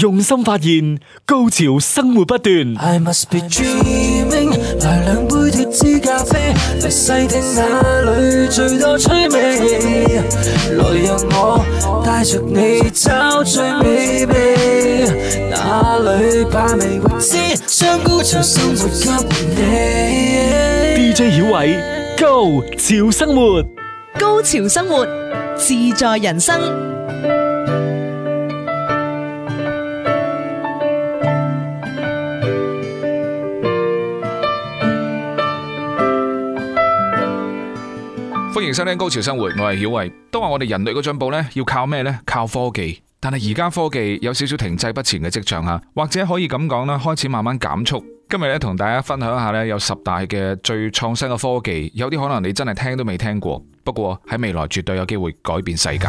用心發現，高潮生活不斷。來兩杯脫脂咖啡，來細聽那裡最多趣味。來讓我帶着你找最美秘，哪裡把味先將高潮生活給你。DJ 曉偉，潮高潮生活，高潮生活，自在人生。歡迎收聽高潮生活，我係曉慧。都話我哋人類嘅進步咧，要靠咩咧？靠科技。但係而家科技有少少停滯不前嘅跡象吓，或者可以咁講啦，開始慢慢減速。今日咧同大家分享一下咧，有十大嘅最創新嘅科技，有啲可能你真係聽都未聽過。不過喺未來絕對有機會改變世界。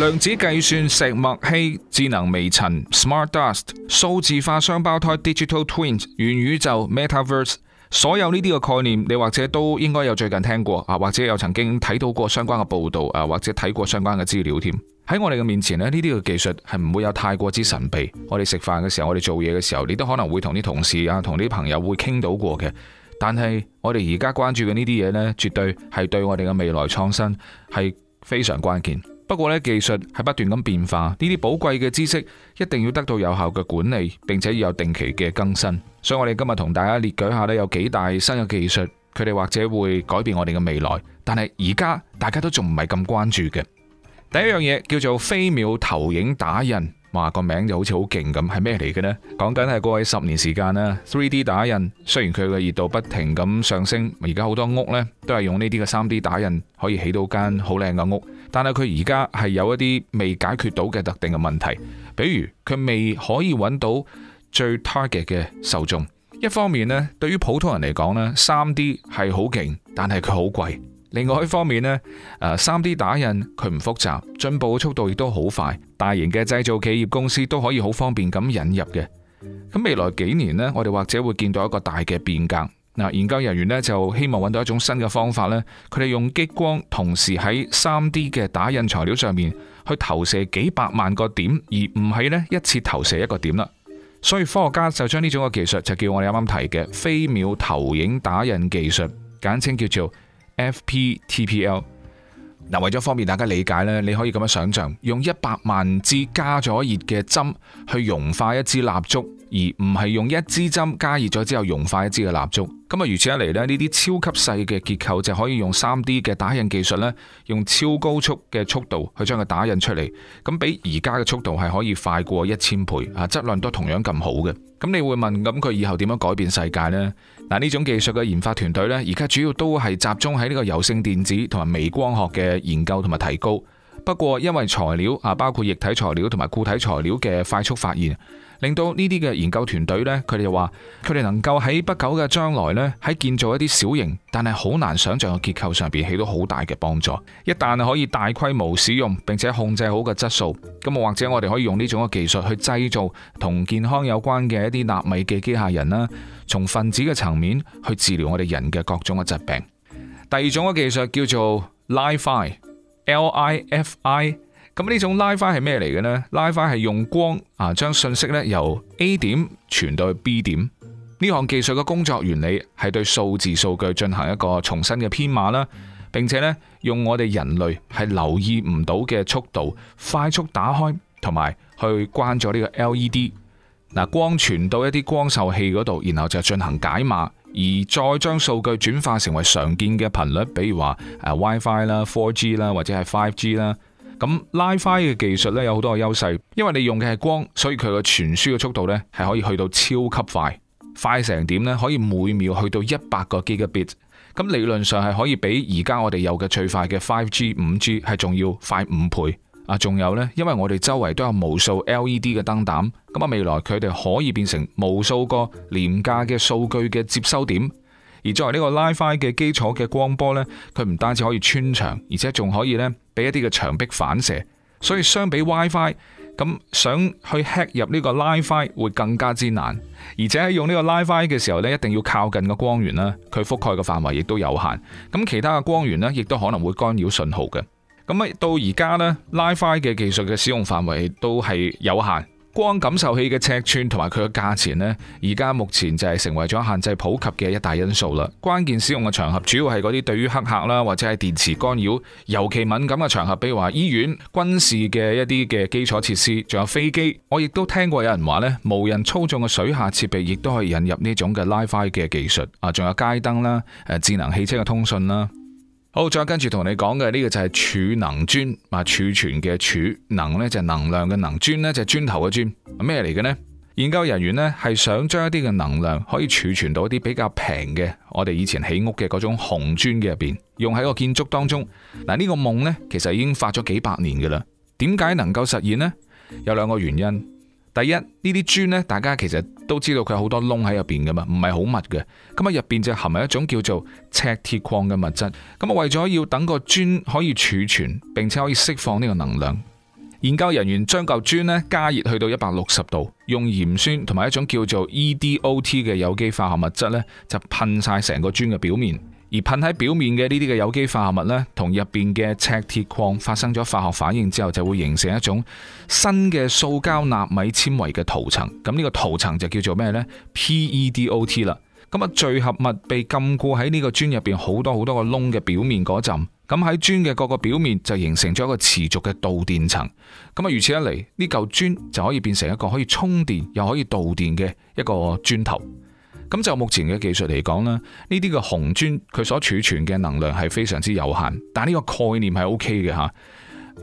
量子計算、石墨烯、智能微塵 （Smart Dust）、數字化雙胞胎 （Digital Twins）、元宇宙 （Metaverse），所有呢啲嘅概念，你或者都應該有最近聽過啊，或者有曾經睇到過相關嘅報道啊，或者睇過相關嘅資料添。喺我哋嘅面前呢，呢啲嘅技術係唔會有太過之神秘。我哋食飯嘅時候，我哋做嘢嘅時候，你都可能會同啲同事啊，同啲朋友會傾到過嘅。但係我哋而家關注嘅呢啲嘢呢，絕對係對我哋嘅未來創新係非常關鍵。不過咧，技術係不斷咁變化，呢啲寶貴嘅知識一定要得到有效嘅管理，並且要有定期嘅更新。所以我哋今日同大家列舉下咧，有幾大新嘅技術，佢哋或者會改變我哋嘅未來。但係而家大家都仲唔係咁關注嘅。第一樣嘢叫做飛秒投影打印，話個名就好似好勁咁，係咩嚟嘅呢？講緊係過去十年時間啦，three D 打印。雖然佢嘅熱度不停咁上升，而家好多屋呢都係用呢啲嘅三 D 打印，可以起到間好靚嘅屋。但係佢而家係有一啲未解決到嘅特定嘅問題，比如佢未可以揾到最 target 嘅受眾。一方面呢，對於普通人嚟講呢 3D 係好勁，但係佢好貴。另外一方面呢，3D 打印佢唔複雜，進步嘅速度亦都好快，大型嘅製造企業公司都可以好方便咁引入嘅。咁未來幾年呢，我哋或者會見到一個大嘅變革。嗱，研究人員咧就希望揾到一種新嘅方法咧，佢哋用激光同時喺三 D 嘅打印材料上面去投射幾百萬個點，而唔係咧一次投射一個點啦。所以科學家就將呢種嘅技術就叫我哋啱啱提嘅飛秒投影打印技術，簡稱叫做 FPTPL。嗱，為咗方便大家理解呢，你可以咁樣想象，用一百萬支加咗熱嘅針去融化一支蠟燭，而唔係用一支針加熱咗之後融化一支嘅蠟燭。咁啊，如此一嚟呢，呢啲超級細嘅結構就可以用三 D 嘅打印技術呢，用超高速嘅速度去將佢打印出嚟。咁比而家嘅速度係可以快過一千倍，啊，質量都同樣咁好嘅。咁你會問，咁佢以後點樣改變世界呢？嗱，呢種技術嘅研發團隊呢，而家主要都係集中喺呢個柔性電子同埋微光學嘅研究同埋提高。不過因為材料啊，包括液體材料同埋固體材料嘅快速發現。令到呢啲嘅研究團隊呢，佢哋又話，佢哋能夠喺不久嘅將來呢，喺建造一啲小型但係好難想像嘅結構上邊起到好大嘅幫助。一旦可以大規模使用並且控制好嘅質素，咁啊或者我哋可以用呢種嘅技術去製造同健康有關嘅一啲納米嘅機械人啦，從分子嘅層面去治療我哋人嘅各種嘅疾病。第二種嘅技術叫做 LIFI，L-I-F-I。I F I, 咁呢種 Li-Fi 係咩嚟嘅呢咧？Li-Fi 係用光啊，將信息咧由 A 點傳到去 B 點。呢項技術嘅工作原理係對數字數據進行一個重新嘅編碼啦。並且咧，用我哋人類係留意唔到嘅速度快速打開同埋去關咗呢個 LED 嗱光傳到一啲光受器嗰度，然後就進行解碼，而再將數據轉化成為常見嘅頻率，比如話誒 WiFi 啦、4G 啦或者係 5G 啦。咁 LiFi 嘅技術咧有好多嘅優勢，因為你用嘅係光，所以佢個傳輸嘅速度咧係可以去到超級快，快成點咧？可以每秒去到一百個 Giga bit，咁理論上係可以比而家我哋有嘅最快嘅 5G，五 G 係仲要快五倍。啊，仲有咧，因為我哋周圍都有無數 LED 嘅燈膽，咁啊未來佢哋可以變成無數個廉價嘅數據嘅接收點，而作為呢個 LiFi 嘅基礎嘅光波咧，佢唔單止可以穿牆，而且仲可以咧。俾一啲嘅牆壁反射，所以相比 WiFi 咁，Fi，想去 hack 入呢個 LiFi 會更加之難，而且喺用呢個 LiFi 嘅時候咧，一定要靠近個光源啦，佢覆蓋嘅範圍亦都有限，咁其他嘅光源呢，亦都可能會干擾信號嘅，咁啊到而家呢，LiFi 嘅技術嘅使用範圍都係有限。光感受器嘅尺寸同埋佢嘅價錢呢，而家目前就係成為咗限制普及嘅一大因素啦。關鍵使用嘅場合主要係嗰啲對於黑客啦，或者係電磁干擾尤其敏感嘅場合，比如話醫院、軍事嘅一啲嘅基礎設施，仲有飛機。我亦都聽過有人話呢，無人操縱嘅水下設備亦都可以引入呢種嘅 LiFi 嘅技術啊，仲有街燈啦，誒，智能汽車嘅通訊啦。好，再跟住同你講嘅呢個就係儲能磚，啊儲存嘅儲能呢，就係能量嘅能磚呢就係磚頭嘅磚，咩嚟嘅呢？研究人員呢係想將一啲嘅能量可以儲存到一啲比較平嘅，我哋以前起屋嘅嗰種紅磚嘅入邊，用喺個建築當中。嗱、這、呢個夢呢其實已經發咗幾百年㗎喇，點解能夠實現呢？有兩個原因。第一呢啲磚咧，大家其實都知道佢好多窿喺入邊噶嘛，唔係好密嘅。咁啊，入邊就含有一種叫做赤鐵礦嘅物質。咁啊，為咗要等個磚可以儲存並且可以釋放呢個能量，研究人員將嚿磚咧加熱去到一百六十度，用鹽酸同埋一種叫做 EDOT 嘅有機化學物質呢，就噴晒成個磚嘅表面。而噴喺表面嘅呢啲嘅有機化合物呢，同入邊嘅赤鐵礦發生咗化學反應之後，就會形成一種新嘅塑膠納米纖維嘅塗層。咁呢個塗層就叫做咩呢？PEDOT 啦。咁啊，聚合物被禁錮喺呢個磚入邊好多好多個窿嘅表面嗰陣，咁喺磚嘅各個表面就形成咗一個持續嘅導電層。咁啊，如此一嚟，呢嚿磚就可以變成一個可以充電又可以導電嘅一個磚頭。咁就目前嘅技術嚟講啦，呢啲嘅紅磚佢所儲存嘅能量係非常之有限，但呢個概念係 OK 嘅吓。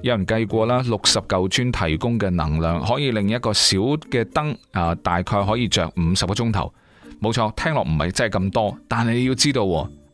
有人計過啦，六十嚿磚提供嘅能量可以令一個小嘅燈啊，大概可以着五十個鐘頭。冇錯，聽落唔係真係咁多，但係你要知道。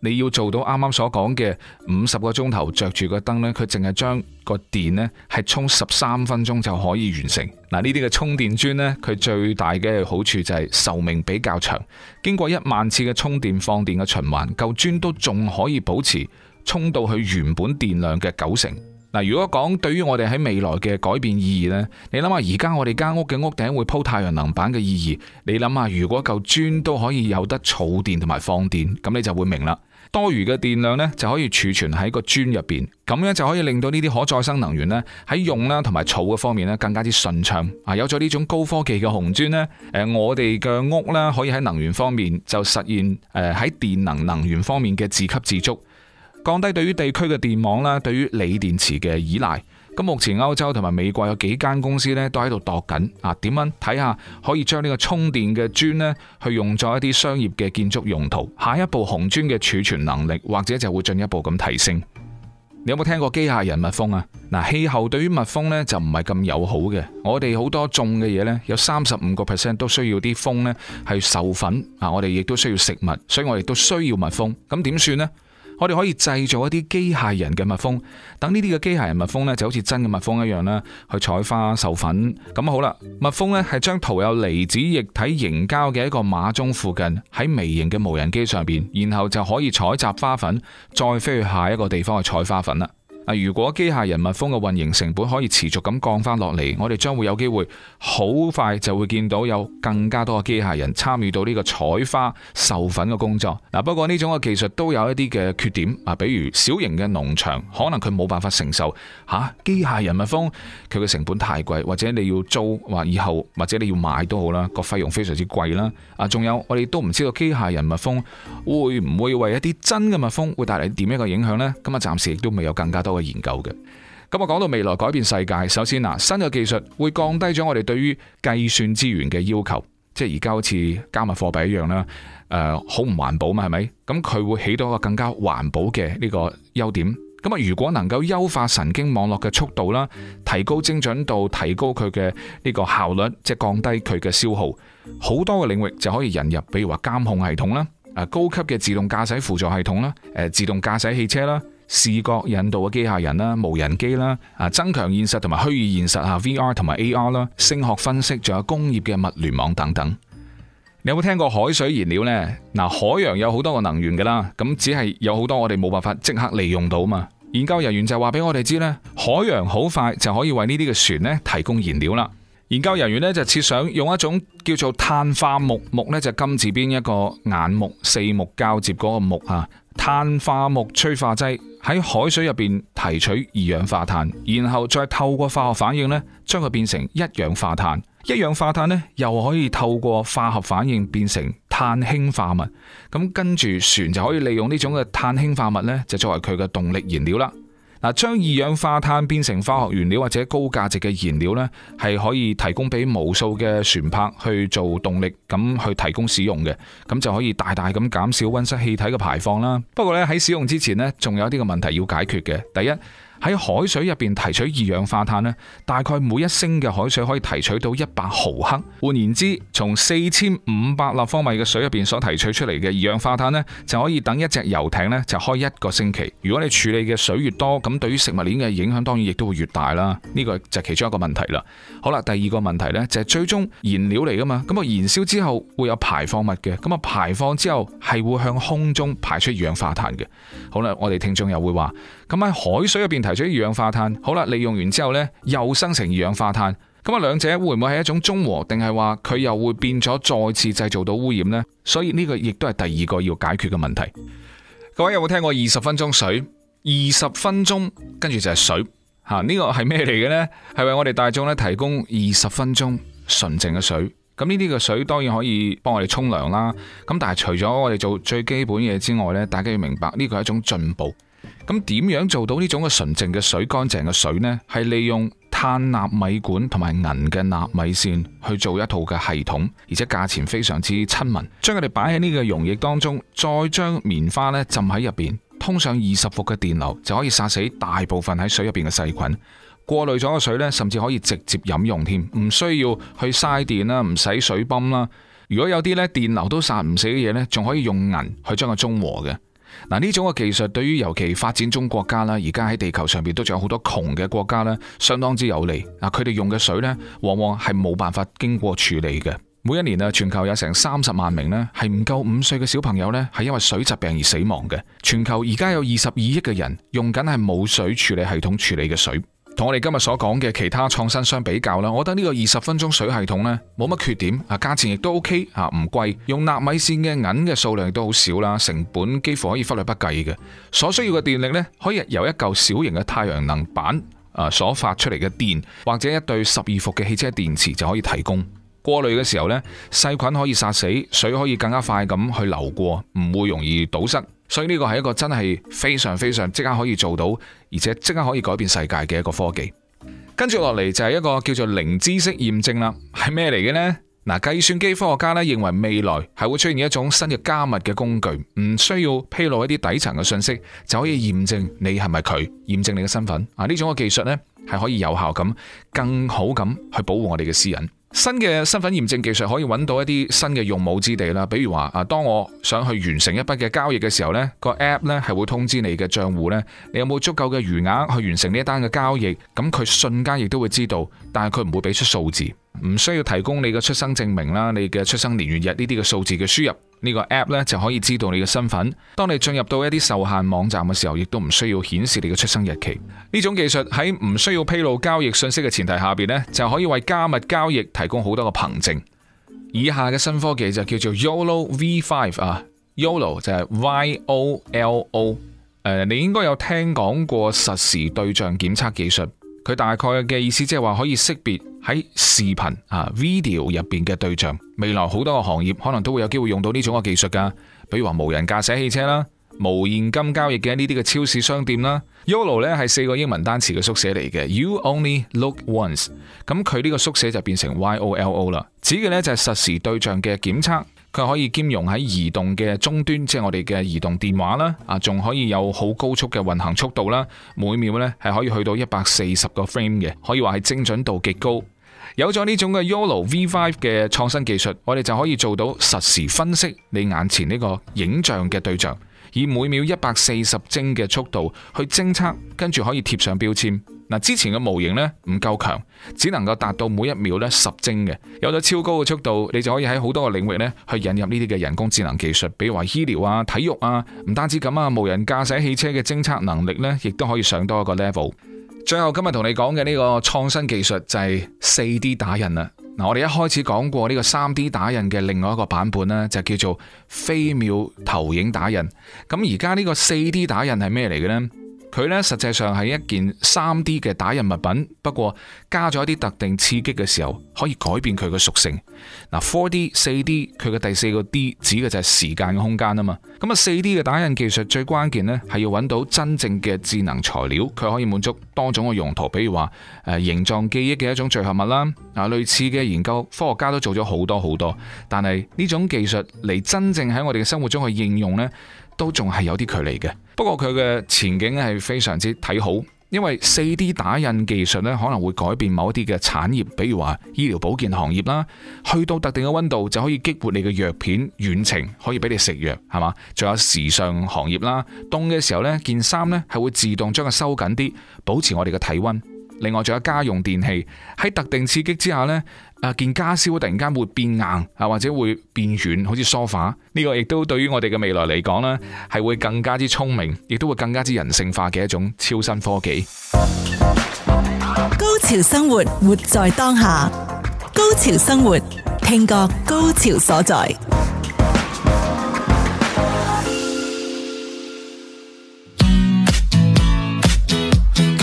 你要做到啱啱所講嘅五十個鐘頭着住個燈呢，佢淨係將個電呢係充十三分鐘就可以完成。嗱，呢啲嘅充電磚呢，佢最大嘅好處就係壽命比較長，經過一萬次嘅充電放電嘅循環，嚿磚都仲可以保持充到去原本電量嘅九成。嗱，如果講對於我哋喺未來嘅改變意義呢，你諗下而家我哋間屋嘅屋頂會鋪太陽能板嘅意義，你諗下如果嚿磚都可以有得儲電同埋放電，咁你就會明啦。多餘嘅電量咧就可以儲存喺個磚入邊，咁樣就可以令到呢啲可再生能源咧喺用啦同埋儲嘅方面咧更加之順暢。啊，有咗呢種高科技嘅紅磚咧，誒我哋嘅屋啦可以喺能源方面就實現誒喺電能能源方面嘅自給自足，降低對於地區嘅電網啦，對於鋰電池嘅依賴。咁目前歐洲同埋美國有幾間公司咧，都喺度度緊。啊，點樣睇下可以將呢個充電嘅磚咧，去用作一啲商業嘅建築用途。下一步紅磚嘅儲存能力或者就會進一步咁提升。你有冇聽過機械人蜜蜂啊？嗱，氣候對於蜜蜂呢就唔係咁友好嘅。我哋好多種嘅嘢呢，有三十五個 percent 都需要啲蜂呢係授粉。啊，我哋亦都需要食物，所以我哋都需要蜜蜂。咁點算呢？我哋可以製造一啲機械人嘅蜜蜂，等呢啲嘅機械人蜜蜂呢，就好似真嘅蜜蜂一樣啦，去採花授粉。咁好啦，蜜蜂呢係將塗有離子液體凝膠嘅一個馬鬃附近喺微型嘅無人機上面，然後就可以採集花粉，再飛去下一個地方去採花粉啦。嗱，如果機械人蜜蜂嘅運營成本可以持續咁降翻落嚟，我哋將會有機會好快就會見到有更加多嘅機械人參與到呢個採花授粉嘅工作。嗱，不過呢種嘅技術都有一啲嘅缺點，啊，比如小型嘅農場可能佢冇辦法承受嚇，啊，機械人蜜蜂佢嘅成本太貴，或者你要租或以後或者你要買都好啦，個費用非常之貴啦。啊，仲有我哋都唔知道機械人蜜蜂會唔會為一啲真嘅蜜蜂會帶嚟點樣嘅影響呢？今日暫時亦都未有更加多研究嘅，咁啊講到未來改變世界，首先嗱，新嘅技術會降低咗我哋對於計算資源嘅要求，即係而家好似加密貨幣一樣啦，誒、呃，好唔環保嘛，係咪？咁佢會起到一個更加環保嘅呢個優點。咁啊，如果能夠優化神經網絡嘅速度啦，提高精準度，提高佢嘅呢個效率，即係降低佢嘅消耗，好多個領域就可以引入，比如話監控系統啦，誒，高級嘅自動駕駛輔助系統啦，誒，自動駕駛汽車啦。視覺引導嘅機械人啦、無人機啦、啊增強現實同埋虛擬現實啊 （VR） 同埋 AR 啦、聲學分析，仲有工業嘅物聯網等等。你有冇聽過海水燃料呢？嗱，海洋有好多個能源噶啦，咁只係有好多我哋冇辦法即刻利用到嘛。研究人員就話俾我哋知呢，海洋好快就可以為呢啲嘅船呢提供燃料啦。研究人員呢，就設想用一種叫做碳化木木呢就金字邊一個眼目四目交接嗰個木啊，碳化木催化劑。喺海水入邊提取二氧化碳，然後再透過化學反應咧，將佢變成一氧化碳。一氧化碳咧又可以透過化學反應變成碳氫化物。咁跟住船就可以利用呢種嘅碳氫化物，呢就作為佢嘅動力燃料啦。嗱，將二氧化碳變成化學原料或者高價值嘅燃料呢係可以提供俾無數嘅船舶去做動力，咁去提供使用嘅，咁就可以大大咁減少温室氣體嘅排放啦。不過呢，喺使用之前呢，仲有啲個問題要解決嘅。第一。喺海水入邊提取二氧化碳呢，大概每一升嘅海水可以提取到一百毫克。換言之，從四千五百立方米嘅水入邊所提取出嚟嘅二氧化碳呢，就可以等一隻遊艇呢就開一個星期。如果你處理嘅水越多，咁對於食物鏈嘅影響當然亦都會越大啦。呢個就其中一個問題啦。好啦，第二個問題呢就係最終燃料嚟噶嘛，咁啊燃燒之後會有排放物嘅，咁啊排放之後係會向空中排出二氧化碳嘅。好啦，我哋聽眾又會話。咁喺海水入邊提取二氧化碳，好啦，利用完之後呢，又生成二氧化碳。咁啊，兩者會唔會係一種中和？定係話佢又會變咗再次製造到污染呢？所以呢個亦都係第二個要解決嘅問題。各位有冇聽過二十分鐘水？二十分鐘跟住就係水吓，呢個係咩嚟嘅呢？係為我哋大眾咧提供二十分鐘純淨嘅水。咁呢啲嘅水當然可以幫我哋沖涼啦。咁但係除咗我哋做最基本嘢之外呢，大家要明白呢個係一種進步。咁點樣做到呢種嘅純淨嘅水，乾淨嘅水呢？係利用碳納米管同埋銀嘅納米線去做一套嘅系統，而且價錢非常之親民。將佢哋擺喺呢個溶液當中，再將棉花呢浸喺入邊，通上二十伏嘅電流就可以殺死大部分喺水入邊嘅細菌。過濾咗嘅水呢，甚至可以直接飲用添，唔需要去嘥電啦，唔使水泵啦。如果有啲呢電流都殺唔死嘅嘢呢，仲可以用銀去將佢中和嘅。嗱，呢種嘅技術對於尤其發展中國家啦，而家喺地球上邊都仲有好多窮嘅國家啦，相當之有利。嗱，佢哋用嘅水呢，往往係冇辦法經過處理嘅。每一年啊，全球有成三十萬名呢係唔夠五歲嘅小朋友呢係因為水疾病而死亡嘅。全球而家有二十二億嘅人用緊係冇水處理系統處理嘅水。同我哋今日所講嘅其他創新相比較啦，我覺得呢個二十分鐘水系統咧，冇乜缺點啊，價錢亦都 OK 啊，唔貴，用納米線嘅銀嘅數量亦都好少啦，成本幾乎可以忽略不計嘅，所需要嘅電力咧，可以由一嚿小型嘅太陽能板啊所發出嚟嘅電，或者一對十二伏嘅汽車電池就可以提供。過濾嘅時候咧，細菌可以殺死，水可以更加快咁去流過，唔會容易堵塞。所以呢個係一個真係非常非常即刻可以做到，而且即刻可以改變世界嘅一個科技。跟住落嚟就係一個叫做零知識驗證啦，係咩嚟嘅呢？嗱、啊，計算機科學家呢認為未來係會出現一種新嘅加密嘅工具，唔需要披露一啲底層嘅信息，就可以驗證你係咪佢，驗證你嘅身份啊。呢種嘅技術呢，係可以有效咁更好咁去保護我哋嘅私隱。新嘅身份驗證技術可以揾到一啲新嘅用武之地啦，比如話啊，當我想去完成一筆嘅交易嘅時候，呢個 app 呢係會通知你嘅賬戶呢，你有冇足夠嘅餘額去完成呢一單嘅交易，咁佢瞬間亦都會知道，但係佢唔會俾出數字，唔需要提供你嘅出生證明啦，你嘅出生年月日呢啲嘅數字嘅輸入。呢個 app 咧就可以知道你嘅身份。當你進入到一啲受限網站嘅時候，亦都唔需要顯示你嘅出生日期。呢種技術喺唔需要披露交易信息嘅前提下邊呢就可以為加密交易提供好多個憑證。以下嘅新科技就叫做 Yolo V5 啊，Yolo 就係 Y O L O。誒、呃，你應該有聽講過實時對象檢測技術。佢大概嘅意思即係話可以識別喺視頻啊 video 入邊嘅對象，未來好多個行業可能都會有機會用到呢種嘅技術噶，比如話無人駕駛汽車啦、無現金交易嘅呢啲嘅超市商店啦。YOLO 咧係四個英文單詞嘅縮寫嚟嘅，You Only Look Once，咁佢呢個縮寫就變成 YOLO 啦，指嘅咧就係實時對象嘅檢測。佢可以兼容喺移動嘅終端，即係我哋嘅移動電話啦，啊，仲可以有好高速嘅運行速度啦，每秒呢係可以去到一百四十個 frame 嘅，可以話係精準度極高。有咗呢種嘅 YOLO V5 嘅創新技術，我哋就可以做到實時分析你眼前呢個影像嘅對象，以每秒一百四十幀嘅速度去偵測，跟住可以貼上標籤。嗱，之前嘅模型咧唔夠強，只能夠達到每一秒咧十幀嘅。有咗超高嘅速度，你就可以喺好多個領域咧去引入呢啲嘅人工智能技術，比如話醫療啊、體育啊，唔單止咁啊。無人駕駛汽車嘅偵測能力呢，亦都可以上多一個 level。最後今日同你講嘅呢個創新技術就係四 D 打印啦。嗱，我哋一開始講過呢個三 D 打印嘅另外一個版本呢，就叫做飛秒投影打印。咁而家呢個四 D 打印係咩嚟嘅呢？佢呢，實際上係一件三 D 嘅打印物品，不過加咗一啲特定刺激嘅時候，可以改變佢嘅屬性。嗱，four D，四 D，佢嘅第四個 D 指嘅就係時間嘅空間啊嘛。咁啊，四 D 嘅打印技術最關鍵呢，係要揾到真正嘅智能材料，佢可以滿足多種嘅用途，比如話誒形狀記憶嘅一種聚合物啦。啊，類似嘅研究，科學家都做咗好多好多，但係呢種技術嚟真正喺我哋嘅生活中去應用呢，都仲係有啲距離嘅，不過佢嘅前景係非常之睇好，因為 4D 打印技術呢可能會改變某一啲嘅產業，比如話醫療保健行業啦，去到特定嘅溫度就可以激活你嘅藥片，遠程可以俾你食藥，係嘛？仲有時尚行業啦，凍嘅時候呢件衫呢係會自動將佢收緊啲，保持我哋嘅體溫。另外，仲有家用電器，喺特定刺激之下呢。啊！件家俬突然間會變硬啊，或者會變軟，好似梳化呢個，亦都對於我哋嘅未來嚟講呢係會更加之聰明，亦都會更加之人性化嘅一種超新科技。高潮生活，活在當下。高潮生活，聽覺高潮所在。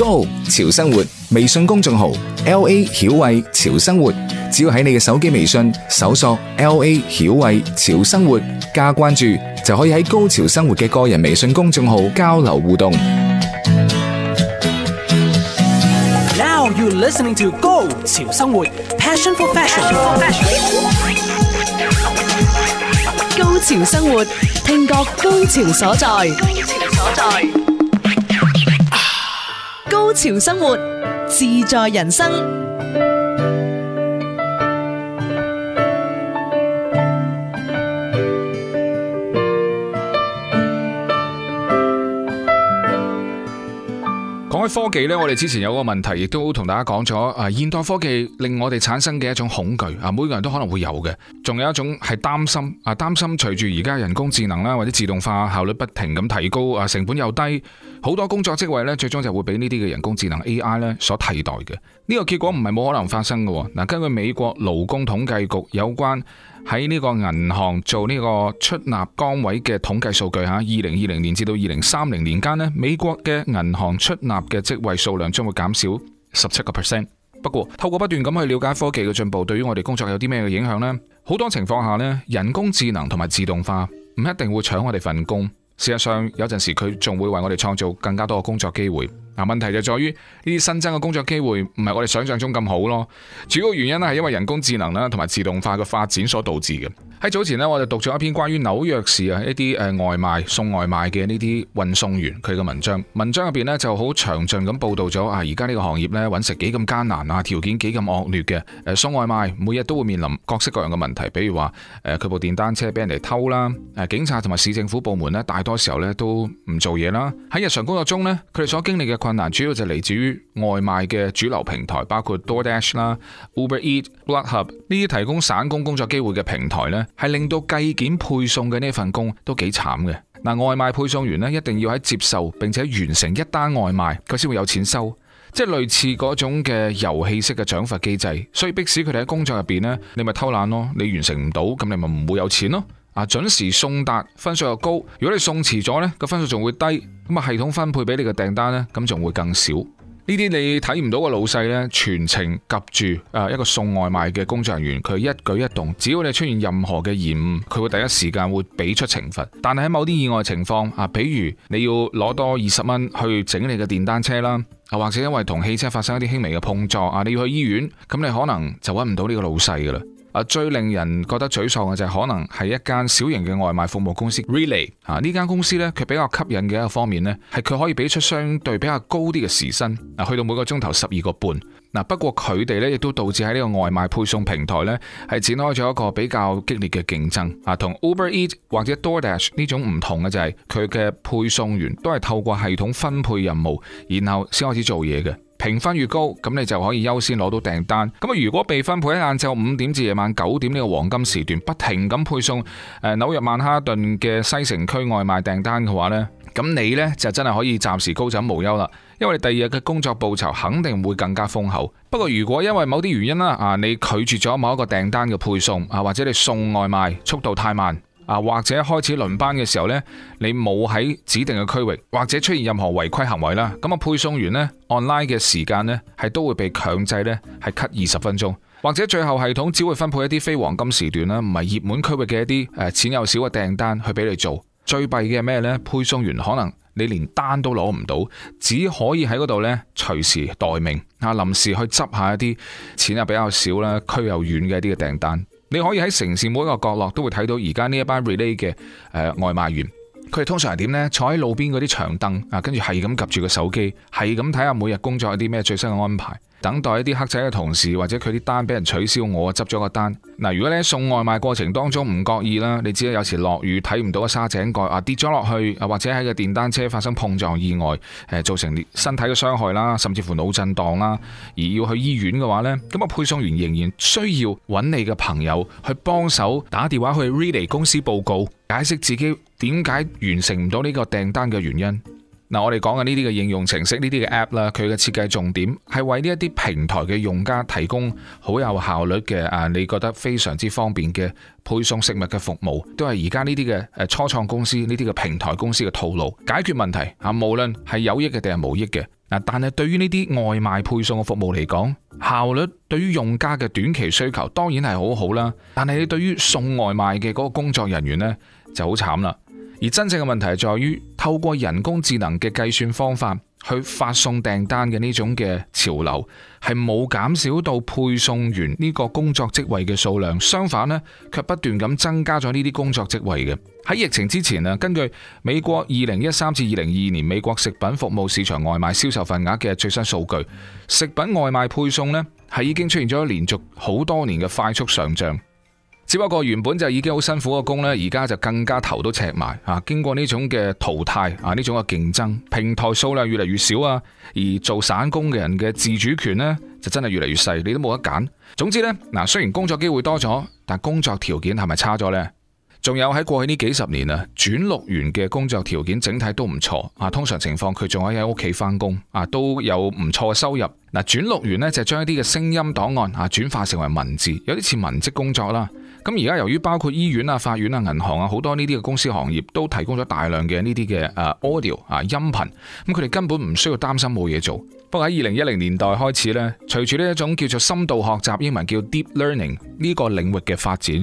Go 潮生活微信公眾號 L A 曉慧潮生活，只要喺你嘅手機微信搜索 L A 曉慧潮生活加關注，就可以喺高潮生活嘅個人微信公眾號交流互動。Now you're listening to Go 潮生活，Passion for Fashion。高潮生活，聽覺高潮所在。高潮生活，自在人生。科技呢，我哋之前有個問題，亦都同大家講咗。啊，現代科技令我哋產生嘅一種恐懼啊，每個人都可能會有嘅。仲有一種係擔心啊，擔心隨住而家人工智能啦或者自動化效率不停咁提高啊，成本又低，好多工作職位呢，最終就會俾呢啲嘅人工智能 AI 呢所替代嘅。呢個結果唔係冇可能發生嘅。嗱，根據美國勞工統計局有關。喺呢個銀行做呢個出納崗位嘅統計數據吓，二零二零年至到二零三零年間呢，美國嘅銀行出納嘅職位數量將會減少十七個 percent。不過透過不斷咁去了解科技嘅進步，對於我哋工作有啲咩嘅影響呢？好多情況下呢，人工智能同埋自動化唔一定會搶我哋份工，事實上有陣時佢仲會為我哋創造更加多嘅工作機會。啊！問題就在於呢啲新增嘅工作機會唔係我哋想象中咁好咯。主要原因咧係因為人工智能啦同埋自動化嘅發展所導致嘅。喺早前咧，我就讀咗一篇關於紐約市啊一啲誒外賣送外賣嘅呢啲運送員佢嘅文章。文章入邊咧就好詳盡咁報道咗啊！而家呢個行業咧揾食幾咁艱難啊，條件幾咁惡劣嘅誒送外賣，每日都會面臨各式各樣嘅問題，比如話誒佢部電單車俾人哋偷啦，誒、啊、警察同埋市政府部門咧大多時候咧都唔做嘢啦。喺日常工作中咧，佢哋所經歷嘅嗱，主要就嚟自於外賣嘅主流平台，包括 DoorDash 啦、Uber Eat、Grubhub 呢啲提供散工工作機會嘅平台呢係令到計件配送嘅呢份工都幾慘嘅。嗱，外賣配送員咧一定要喺接受並且完成一單外賣，佢先會有錢收，即係類似嗰種嘅遊戲式嘅獎罰機制，所以迫使佢哋喺工作入邊，呢你咪偷懶咯，你完成唔到，咁你咪唔會有錢咯。啊！準時送達，分數又高。如果你送遲咗呢，個分數仲會低。咁啊，系統分配俾你嘅訂單呢，咁仲會更少。呢啲你睇唔到個老細呢全程及住誒一個送外賣嘅工作人員，佢一舉一動。只要你出現任何嘅延誤，佢會第一時間會俾出懲罰。但係喺某啲意外情況啊，比如你要攞多二十蚊去整你嘅電單車啦，啊或者因為同汽車發生一啲輕微嘅碰撞啊，你要去醫院，咁你可能就揾唔到呢個老細噶啦。啊，最令人覺得沮喪嘅就係可能係一間小型嘅外賣服務公司 Relay 啊，呢間公司呢，佢比較吸引嘅一個方面呢，係佢可以俾出相對比較高啲嘅時薪啊，去到每個鐘頭十二個半。嗱、啊，不過佢哋呢，亦都導致喺呢個外賣配送平台呢，係展開咗一個比較激烈嘅競爭啊。同 Uber Eat 或者 DoorDash 呢種唔同嘅就係佢嘅配送員都係透過系統分配任務，然後先開始做嘢嘅。評分越高，咁你就可以優先攞到訂單。咁啊，如果被分配喺晏晝五點至夜晚九點呢個黃金時段不停咁配送，誒紐約曼哈頓嘅西城區外賣訂單嘅話呢，咁你呢就真係可以暫時高枕無憂啦，因為你第二日嘅工作報酬肯定會更加豐厚。不過如果因為某啲原因啦，啊你拒絕咗某一個訂單嘅配送，啊或者你送外賣速度太慢。啊，或者開始輪班嘅時候呢，你冇喺指定嘅區域，或者出現任何違規行為啦，咁啊，配送員呢，online 嘅時間呢，係都會被強制呢係 cut 二十分鐘，或者最後系統只會分配一啲非黃金時段啦，唔係熱門區域嘅一啲誒錢又少嘅訂單去俾你做。最弊嘅咩呢？配送員可能你連單都攞唔到，只可以喺嗰度呢隨時待命啊，臨時去執下一啲錢又比較少啦，區又遠嘅一啲嘅訂單。你可以喺城市每一個角落都會睇到而家呢一班 relay 嘅誒外賣員，佢哋通常係點呢？坐喺路邊嗰啲長凳啊，跟住係咁 𥄫 住個手機，係咁睇下每日工作有啲咩最新嘅安排。等待一啲黑仔嘅同事，或者佢啲單俾人取消，我執咗個單。嗱，如果咧送外賣過程當中唔覺意啦，你知啦，有時落雨睇唔到個沙井蓋啊，跌咗落去啊，或者喺個電單車發生碰撞意外，誒造成身體嘅傷害啦，甚至乎腦震盪啦，而要去醫院嘅話呢，咁啊配送員仍然需要揾你嘅朋友去幫手打電話去 really 公司報告，解釋自己點解完成唔到呢個訂單嘅原因。嗱，我哋講嘅呢啲嘅應用程式，呢啲嘅 app 啦，佢嘅設計重點係為呢一啲平台嘅用家提供好有效率嘅，啊，你覺得非常之方便嘅配送食物嘅服務，都係而家呢啲嘅誒初創公司呢啲嘅平台公司嘅套路，解決問題啊，無論係有益嘅定係無益嘅。嗱，但係對於呢啲外賣配送嘅服務嚟講，效率對於用家嘅短期需求當然係好好啦，但係你對於送外賣嘅嗰個工作人員呢，就好慘啦。而真正嘅問題在於，透過人工智能嘅計算方法去發送訂單嘅呢種嘅潮流，係冇減少到配送員呢個工作職位嘅數量，相反呢，卻不斷咁增加咗呢啲工作職位嘅。喺疫情之前啊，根據美國二零一三至二零二二年美國食品服務市場外賣銷售份額嘅最新數據，食品外賣配送呢係已經出現咗連續好多年嘅快速上漲。只不過原本就已經好辛苦嘅工呢，而家就更加頭都赤埋啊！經過呢種嘅淘汰啊，呢種嘅競爭，平台數量越嚟越少啊，而做散工嘅人嘅自主權呢，就真係越嚟越細，你都冇得揀。總之呢，嗱雖然工作機會多咗，但工作條件係咪差咗呢？仲有喺過去呢幾十年啊，轉錄員嘅工作條件整體都唔錯啊。通常情況佢仲可以喺屋企翻工啊，都有唔錯嘅收入。嗱、啊，轉錄員咧就將、是、一啲嘅聲音檔案啊轉化成為文字，有啲似文職工作啦。咁而家由於包括醫院啊、法院啊、銀行啊好多呢啲嘅公司行業，都提供咗大量嘅呢啲嘅誒 audio 啊音頻，咁佢哋根本唔需要擔心冇嘢做。不過喺二零一零年代開始咧，隨住呢一種叫做深度學習，英文叫 deep learning 呢個領域嘅發展，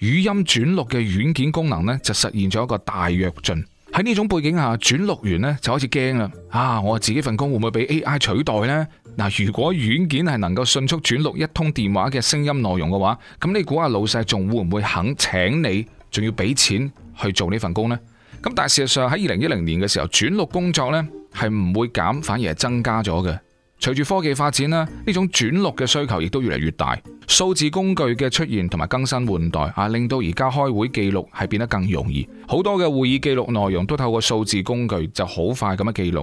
語音轉錄嘅軟件功能咧就實現咗一個大躍進。喺呢種背景下，轉錄員咧就開始驚啦啊！我自己份工會唔會畀 AI 取代呢？」嗱，如果軟件係能夠迅速轉錄一通電話嘅聲音內容嘅話，咁你估下老細仲會唔會肯請你，仲要俾錢去做呢份工呢？咁但係事實上喺二零一零年嘅時候，轉錄工作呢係唔會減，反而係增加咗嘅。隨住科技發展啦，呢種轉錄嘅需求亦都越嚟越大。數字工具嘅出現同埋更新換代啊，令到而家開會記錄係變得更容易。好多嘅會議記錄內容都透過數字工具就好快咁樣記錄，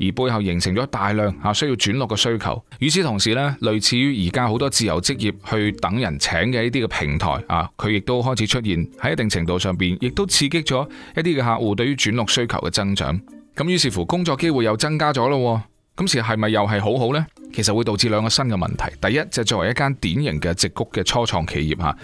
而背後形成咗大量啊需要轉錄嘅需求。與此同時咧，類似於而家好多自由職業去等人請嘅呢啲嘅平台啊，佢亦都開始出現喺一定程度上邊，亦都刺激咗一啲嘅客戶對於轉錄需求嘅增長。咁於是乎，工作機會又增加咗咯。咁時係咪又係好好呢？其實會導致兩個新嘅問題。第一，就作為一間典型嘅矽谷嘅初創企業吓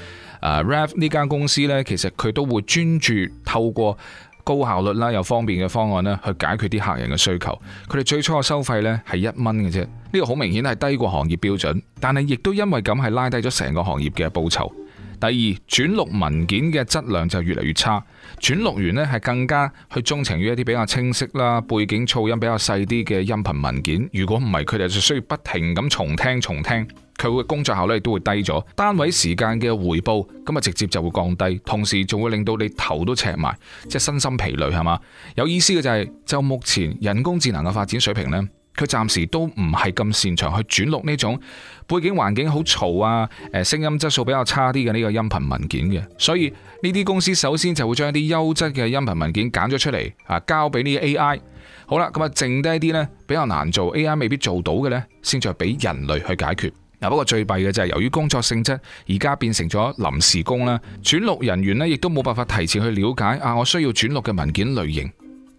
，r a v 呢間公司呢，其實佢都會專注透過高效率啦又方便嘅方案咧，去解決啲客人嘅需求。佢哋最初嘅收費呢係一蚊嘅啫，呢、呢個好明顯係低過行業標準，但係亦都因為咁係拉低咗成個行業嘅報酬。第二，轉錄文件嘅質量就越嚟越差，轉錄完呢係更加去鍾情於一啲比較清晰啦，背景噪音比較細啲嘅音頻文件。如果唔係，佢哋就需要不停咁重聽重聽，佢會工作效率都會低咗，單位時間嘅回報咁啊直接就會降低，同時仲會令到你頭都赤埋，即係身心疲累係嘛。有意思嘅就係就目前人工智能嘅發展水平呢。佢暫時都唔係咁擅長去轉錄呢種背景環境好嘈啊，誒聲音質素比較差啲嘅呢個音頻文件嘅，所以呢啲公司首先就會將一啲優質嘅音頻文件揀咗出嚟啊，交俾呢 AI。好啦，咁啊，剩低啲呢，比較難做 AI 未必做到嘅呢，先再俾人類去解決。嗱，不過最弊嘅就係由於工作性質而家變成咗臨時工啦，轉錄人員呢亦都冇辦法提前去了解啊，我需要轉錄嘅文件類型。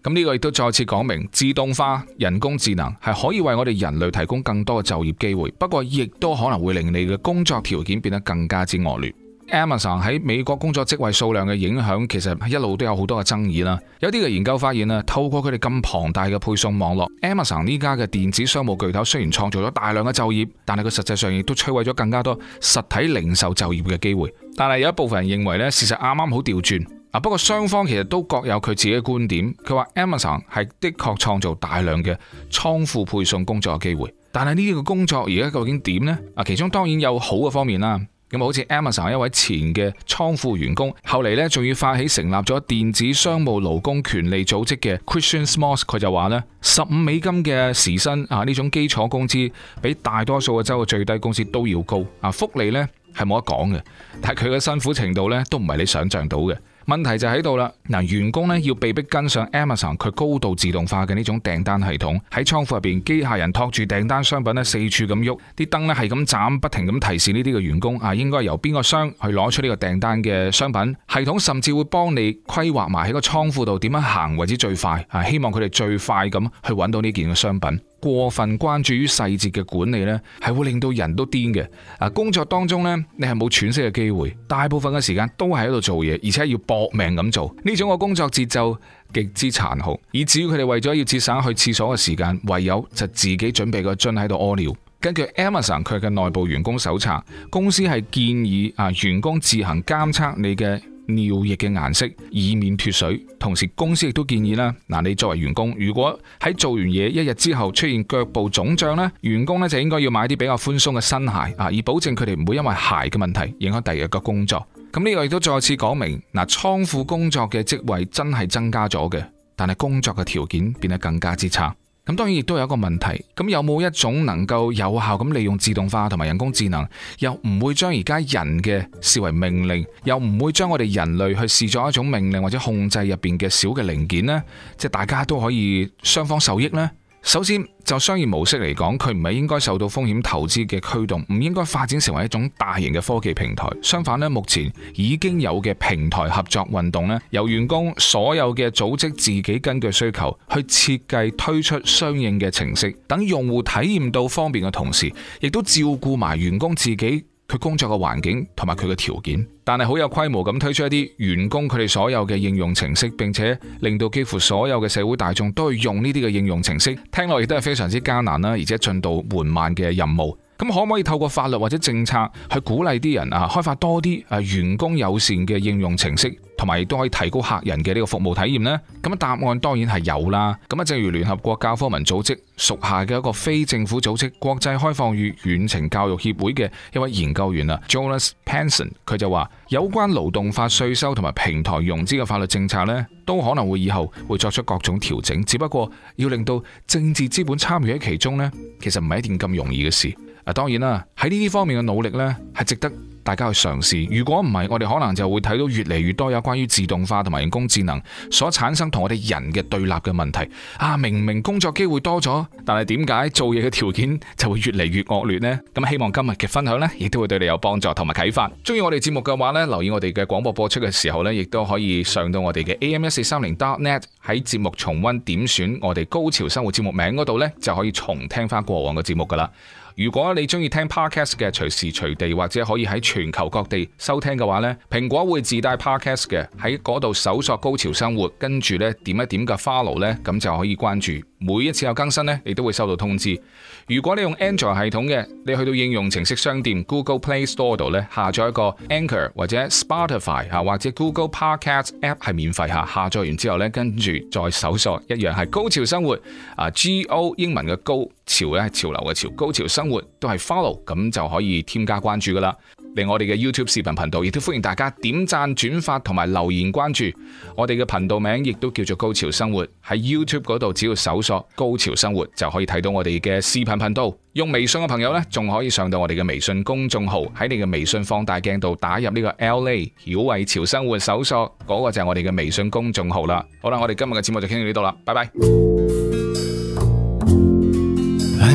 咁呢個亦都再次講明，自動化、人工智能係可以為我哋人類提供更多嘅就業機會，不過亦都可能會令你嘅工作條件變得更加之惡劣。Amazon 喺美國工作職位數量嘅影響，其實一路都有好多嘅爭議啦。有啲嘅研究發現咧，透過佢哋咁龐大嘅配送網絡，Amazon 呢家嘅電子商務巨頭雖然創造咗大量嘅就業，但係佢實際上亦都摧毀咗更加多實體零售就業嘅機會。但係有一部分人認為呢，事實啱啱好調轉。啊！不過雙方其實都各有佢自己嘅觀點。佢話 Amazon 係的確創造大量嘅倉庫配送工作嘅機會，但係呢個工作而家究竟點呢？啊，其中當然有好嘅方面啦。咁好似 Amazon 一位前嘅倉庫員工，後嚟呢仲要發起成立咗電子商務勞工權利組織嘅 Christian Smalls，佢就話呢十五美金嘅時薪啊，呢種基礎工資比大多數嘅州嘅最低工資都要高。啊，福利呢係冇得講嘅，但係佢嘅辛苦程度呢都唔係你想象到嘅。問題就喺度啦，嗱，員工咧，要被迫跟上 Amazon 佢高度自動化嘅呢種訂單系統，喺倉庫入邊，機械人托住訂單商品咧四處咁喐，啲燈咧係咁眨，不停咁提示呢啲嘅員工啊，應該由邊個商去攞出呢個訂單嘅商品，系統甚至會幫你規劃埋喺個倉庫度點樣行為止最快，啊，希望佢哋最快咁去揾到呢件嘅商品。過分關注於細節嘅管理呢，係會令到人都癲嘅。啊，工作當中呢，你係冇喘息嘅機會，大部分嘅時間都係喺度做嘢，而且要搏命咁做。呢種嘅工作節奏極之殘酷，以至於佢哋為咗要節省去廁所嘅時間，唯有就自己準備個樽喺度屙尿。根據 Amazon 佢嘅內部員工手冊，公司係建議啊員工自行監測你嘅。尿液嘅顏色，以免脫水。同時，公司亦都建議啦，嗱，你作為員工，如果喺做完嘢一日之後出現腳部腫脹呢，員工呢就應該要買啲比較寬鬆嘅新鞋啊，以保證佢哋唔會因為鞋嘅問題影響第二日嘅工作。咁呢個亦都再次講明，嗱，倉庫工作嘅職位真係增加咗嘅，但係工作嘅條件變得更加之差。咁當然亦都有一個問題，咁有冇一種能夠有效咁利用自動化同埋人工智能，又唔會將而家人嘅視為命令，又唔會將我哋人類去視作一種命令或者控制入邊嘅小嘅零件呢？即係大家都可以雙方受益呢？首先，就商業模式嚟講，佢唔係應該受到風險投資嘅驅動，唔應該發展成為一種大型嘅科技平台。相反咧，目前已經有嘅平台合作運動咧，由員工所有嘅組織自己根據需求去設計推出相應嘅程式，等用戶體驗到方便嘅同時，亦都照顧埋員工自己。佢工作嘅環境同埋佢嘅條件，但係好有規模咁推出一啲員工佢哋所有嘅應用程式，並且令到幾乎所有嘅社會大眾都去用呢啲嘅應用程式，聽落亦都係非常之艱難啦，而且進度緩慢嘅任務。咁可唔可以透過法律或者政策去鼓勵啲人啊，開發多啲啊員工友善嘅應用程式？同埋都可以提高客人嘅呢個服務體驗咧。咁啊，答案當然係有啦。咁啊，正如聯合國教科文組織屬下嘅一個非政府組織國際開放與遠程教育協會嘅一位研究員啊，Jonas Panson，佢就話有關勞動法稅收同埋平台融資嘅法律政策咧，都可能會以後會作出各種調整。只不過要令到政治資本參與喺其中咧，其實唔係一件咁容易嘅事。啊，當然啦，喺呢啲方面嘅努力咧，係值得，大家去嘗試，如果唔係，我哋可能就會睇到越嚟越多有關於自動化同埋人工智能所產生同我哋人嘅對立嘅問題。啊，明明工作機會多咗，但係點解做嘢嘅條件就會越嚟越惡劣呢？咁希望今日嘅分享呢，亦都會對你有幫助同埋啟發。鍾意我哋節目嘅話呢，留意我哋嘅廣播播出嘅時候呢，亦都可以上到我哋嘅 am 一四三零 dot net 喺節目重溫，點選我哋高潮生活節目名嗰度呢，就可以重聽返過往嘅節目噶啦。如果你中意聽 Podcast 嘅，隨時隨地或者可以喺全球各地收聽嘅話呢，蘋果會自帶 Podcast 嘅，喺嗰度搜索高潮生活，跟住呢點一點嘅 follow 呢，咁就可以關注。每一次有更新呢，你都會收到通知。如果你用 Android 系統嘅，你去到應用程式商店 Google Play Store 度咧，下載一個 Anchor 或者 Spotify 啊，或者 Google Podcast App 係免費嚇，下載完之後咧，跟住再搜索一樣係高潮生活啊，G O 英文嘅高潮咧，潮流嘅潮，高潮生活都係 follow 咁就可以添加關注噶啦。嚟我哋嘅 YouTube 視頻頻道，亦都歡迎大家點讚、轉發同埋留言關注我哋嘅頻道名，亦都叫做《高潮生活》，喺 YouTube 嗰度只要搜索《高潮生活》就可以睇到我哋嘅視頻頻道。用微信嘅朋友呢，仲可以上到我哋嘅微信公眾號，喺你嘅微信放大鏡度打入呢個 L A 曉慧潮生活搜索，嗰、嗰個就係我哋嘅微信公眾號啦。好啦，我哋今日嘅節目就傾到呢度啦，拜拜。